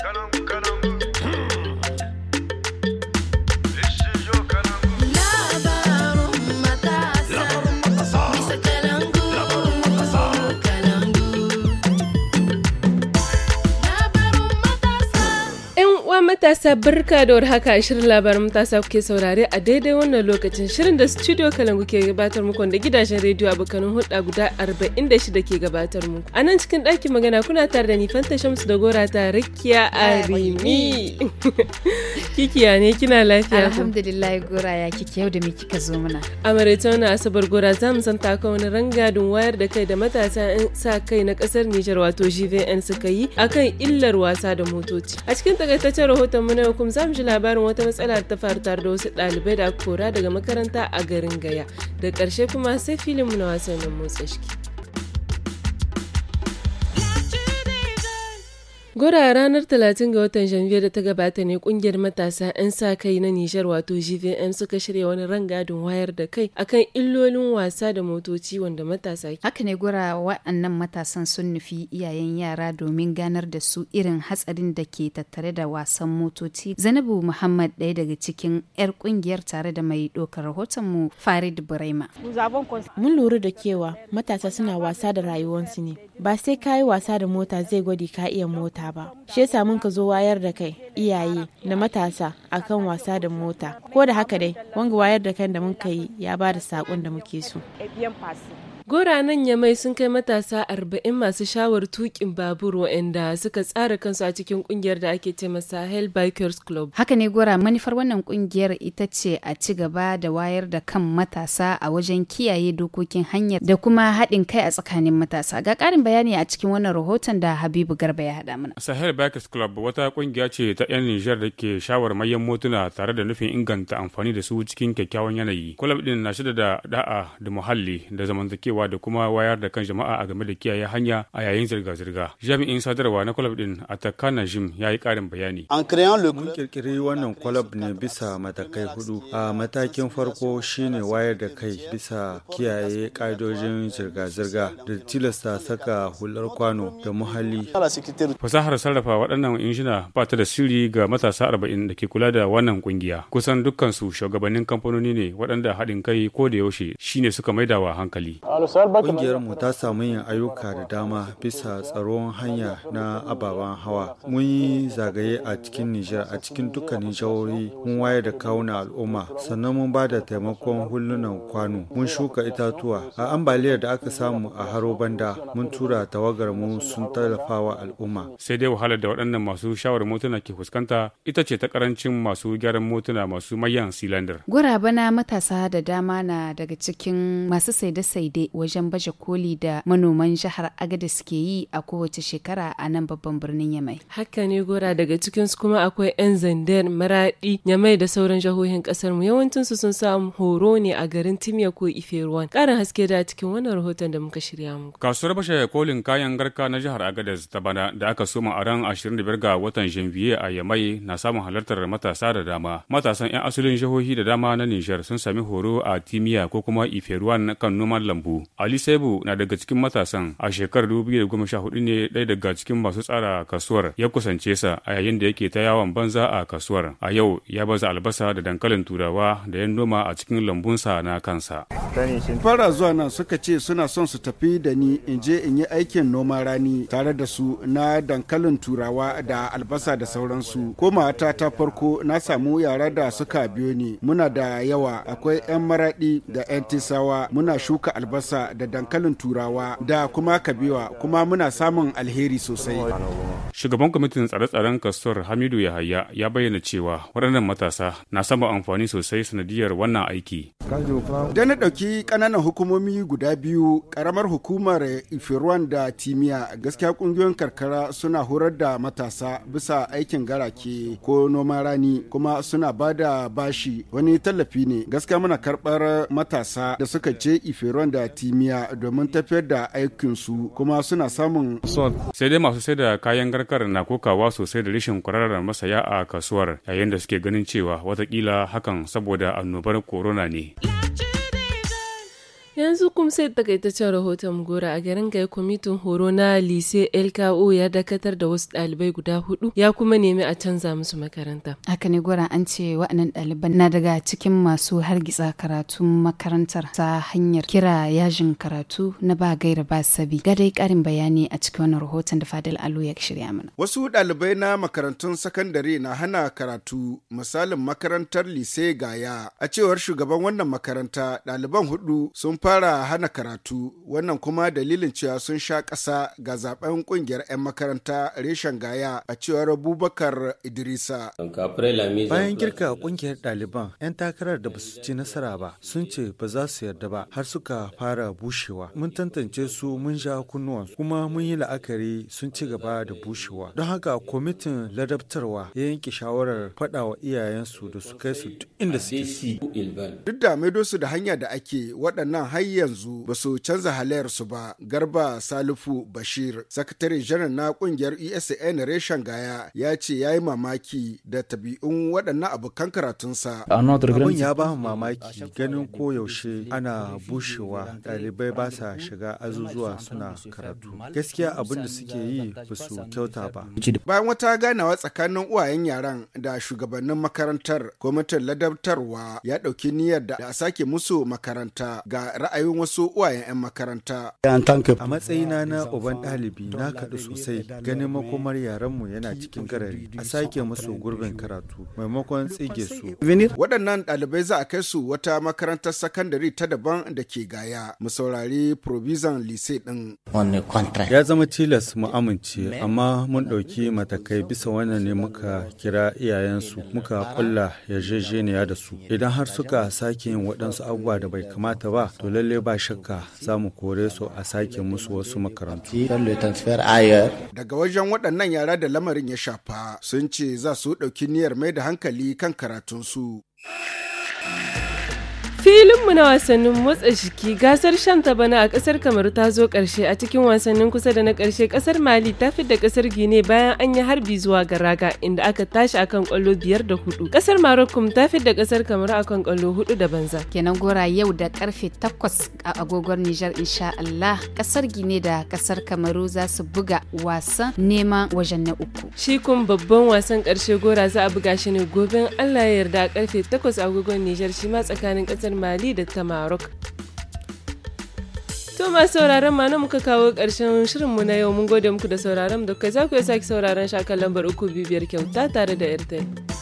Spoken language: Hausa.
Caramba, caramba. matasa barka da warhaka shirin labarin matasa kuke saurare a daidai wannan lokacin shirin da studio kalangu ke gabatar muku da gidajen rediyo abokanin hulɗa guda 46 ke gabatar muku a nan cikin ɗakin magana kuna tare da ni fanta shamsu da gora ta a rimi kikiya ne kina lafiya alhamdulillah gora ya kike yau da me kika zo mana a maraita asabar gora za mu san taka wani rangadin wayar da kai da matasa yan sa kai na kasar nijar wato gvn suka yi akan illar wasa da motoci a cikin takaitaccen rahoton rahoton mu na yau kuma zamu ji labarin wata matsala ta faru tare da wasu ɗalibai da kora daga makaranta a garin Gaya. Da ƙarshe kuma sai filin mu na wasannin motsa shiki. Gora ranar 30 ga watan Janvier da ta gabata ne kungiyar matasa 'yan sa kai na Nijar wato GVM suka shirya wani rangadin wayar da kai akan illolin wasa da motoci wanda matasa ke. Haka ne gora wa'annan matasan sun nufi iyayen yara domin ganar da su irin hatsarin da ke tattare da wasan motoci. Zanabu Muhammad daya daga cikin 'yar kungiyar tare da mai ɗaukar rahoton mu Farid Burema. Mun lura da kewa matasa suna wasa da rayuwarsu ne. Ba sai kayi wasa da mota zai gwadi ka iya mota ba shi yasa mun ka zo wayar da kai iyaye da matasa akan wasa da mota ko da haka dai wanga wayar da kan da mun ka yi ya ba da sakon da muke so eh, Goranan Yamai sun kai matasa arba'in masu shawar tukin babur waɗanda suka tsara kansu a cikin kungiyar da ake ce masa Hell Bikers Club. Haka ne gora manufar wannan kungiyar ita ce a ci gaba da wayar da kan matasa a wajen kiyaye dokokin hanyar da kuma haɗin kai a tsakanin matasa. Ga ƙarin bayani a cikin wannan rahoton da Habibu Garba ya haɗa mana. Sahel Bikers Club wata kungiya ce ta 'yan Nijar da ke shawar mayan motuna tare da nufin inganta amfani da su cikin kyakkyawan yanayi. Club ɗin na shida da da'a da muhalli da zamantakewa sadarwa da kuma wayar da kan jama'a a game da kiyaye hanya a yayin zirga-zirga. Jami'in sadarwa na kwalab din Ataka Najim ya yi ƙarin bayani. Mun kirkiri wannan kwalab ne bisa matakai hudu. A matakin farko shine wayar da kai bisa kiyaye ƙa'idojin zirga-zirga da tilasta saka hular kwano da muhalli. Fasahar sarrafa waɗannan injina ba ta da sirri ga matasa arba'in da ke kula da wannan kungiya. Kusan dukkansu shugabannin kamfanoni ne waɗanda haɗin kai ko da yaushe shine suka maidawa hankali. Ƙungiyarmu ta samu yin ayyuka da dama bisa tsaron hanya na ababen hawa. Mun yi zagaye a cikin Nijar a cikin dukkanin jihohi mun wayar da kawuna al'umma sannan mun ba da taimakon hulunan kwano mun shuka itatuwa a ambaliyar da aka samu a haro banda mun tura tawagar mu sun tallafawa al'umma. Sai dai wahalar da waɗannan masu shawar motuna ke fuskanta ita ce ta karancin masu gyaran motuna masu mayan silandar. Gurabana matasa da dama na daga cikin masu saide-saide wajen baje koli da manoman jihar agada ke yi a kowace shekara a nan babban birnin yamai haka ne gora daga cikinsu kuma akwai 'yan zandar maradi yamai da sauran jihohin kasar mu yawancin su sun samu horo ne a garin timiya ko iferuwan karin haske da cikin wannan rahoton da muka shirya muku kasuwar bashe kolin kayan garka na jihar agada ta bana da aka soma a ran 25 ga watan janvier a yamai na samun halartar matasa da dama matasan 'yan asalin jihohi da dama na nijar sun sami horo a timiya ko kuma iferuwan kan noman lambu Ali Saibu na daga cikin matasan a shekarar 2014 ne ɗaya daga cikin masu tsara kasuwar ya kusance sa a yayin da yake ta yawon banza a kasuwar. A yau ya baza albasa da dankalin turawa da ya noma a cikin lambunsa na kansa. Fara zuwa nan suka ce suna son su tafi da ni in je in yi aikin noma rani tare da su na dankalin turawa da albasa da sauransu. Ko mata ta farko na samu yara da suka biyo ni muna da yawa akwai 'yan maraɗi da 'yan tisawa muna shuka albasa albasa da dankalin turawa da kuma kabewa kuma muna samun alheri sosai. Shugaban kwamitin tsare-tsaren kasuwar Hamidu Yahaya ya bayyana cewa waɗannan matasa na sama amfani sosai sanadiyar wannan aiki. Da na ɗauki ƙananan hukumomi guda biyu, ƙaramar hukumar Ifiruwan da Timiya gaskiya ƙungiyoyin karkara suna horar da matasa bisa aikin garake ko noman rani kuma suna ba da bashi wani tallafi ne gaskiya muna karɓar matasa da suka ce Ifiruwan da Timiya domin tafiyar da aikinsu kuma suna samun. Sai dai masu sai da kayan garka mallakar na kokawa sosai da rashin kwararar masaya a kasuwar yayin da suke ganin cewa watakila hakan saboda annobar corona ne. Yanzu kuma sai takaitaccen rahoton gora a garin gai kwamitin horo na lise LKO ya dakatar da wasu ɗalibai guda hudu ya kuma nemi a canza musu makaranta. Haka ne gora an ce waɗannan ɗaliban na daga cikin masu hargitsa karatun makarantar ta hanyar kira yajin karatu na ba gaira ba sabi. Gadai ƙarin bayani a cikin wannan rahoton da Fadil Alu ya shirya mana. Wasu ɗalibai na makarantun sakandare na hana karatu misalin makarantar lise Gaya. A cewar shugaban wannan makaranta ɗaliban hudu sun fara hana karatu wannan kuma dalilin cewa sun sha ƙasa ga zaben kungiyar 'yan makaranta reshen gaya a cewar Abubakar Idrisa. Bayan girka kungiyar ɗaliban 'yan takarar da ba su ci nasara ba sun ce ba za su yarda ba har suka fara bushewa. Mun tantance su mun sha kunnuwa kuma mun yi la'akari sun ci gaba da bushewa. Don haka kwamitin ladabtarwa ya yanke shawarar faɗawa iyayensu da su kai su duk inda suke. Duk da maido su da hanya da ake waɗannan har yanzu ba su canza halayyarsu ba garba salifu bashir sakatare janar na kungiyar esn reshen gaya ya ce ya yi mamaki da tabi'un waɗannan abokan karatunsa abin ya ba mamaki ganin koyaushe ana bushewa ɗalibai ba sa shiga azuzuwa suna karatu gaskiya abin da suke yi ba su kyauta ba bayan wata ganawa tsakanin uwayen yaran da shugabannin makarantar Kwamitin ladabtarwa ya ɗauki niyyar da a sake musu makaranta ga ra'ayin wasu uwayen 'yan makaranta. A matsayina na uban ɗalibi na kaɗu sosai ganin makomar yaranmu yana cikin garari a sake musu gurbin karatu maimakon tsige su. Waɗannan ɗalibai za a kai su wata makarantar sakandare ta daban da ke gaya mu saurari provision lise ɗin. Ya zama tilas mu amince amma mun ɗauki matakai bisa wannan ne muka kira iyayensu muka kulla yarjejeniya da su idan har suka sake yin waɗansu abubuwa da bai kamata ba to lalle ba shakka za mu kore su a sake musu wasu makarantu. Daga wajen waɗannan yara da lamarin ya shafa sun ce za su ɗauki niyyar mai da hankali kan karatunsu. filinmu na wasannin motsa jiki gasar shan ta bana a kasar kamaru ta zo karshe a cikin wasannin kusa da na karshe kasar mali ta fidda kasar gine bayan an yi harbi zuwa ga raga inda aka tashi akan kwallo biyar da hudu kasar marokko ta fidda kasar kamaru akan kwallo hudu da banza kenan gora yau da karfe takwas a agogon nijar insha allah kasar gine da kasar kamaru za su buga wasan neman wajen na uku shi kun babban wasan karshe gora za a buga shi ne gobe allah ya yarda karfe takwas agogon nijar shi ma tsakanin kasar mali da ta marok To masu sauraron ma nan muka kawo ƙarshen mu na yau mun gode muku da sauraron da kai za ku yi sake sauraron shakan lambar uku bibiyar kyauta tare da Airtel.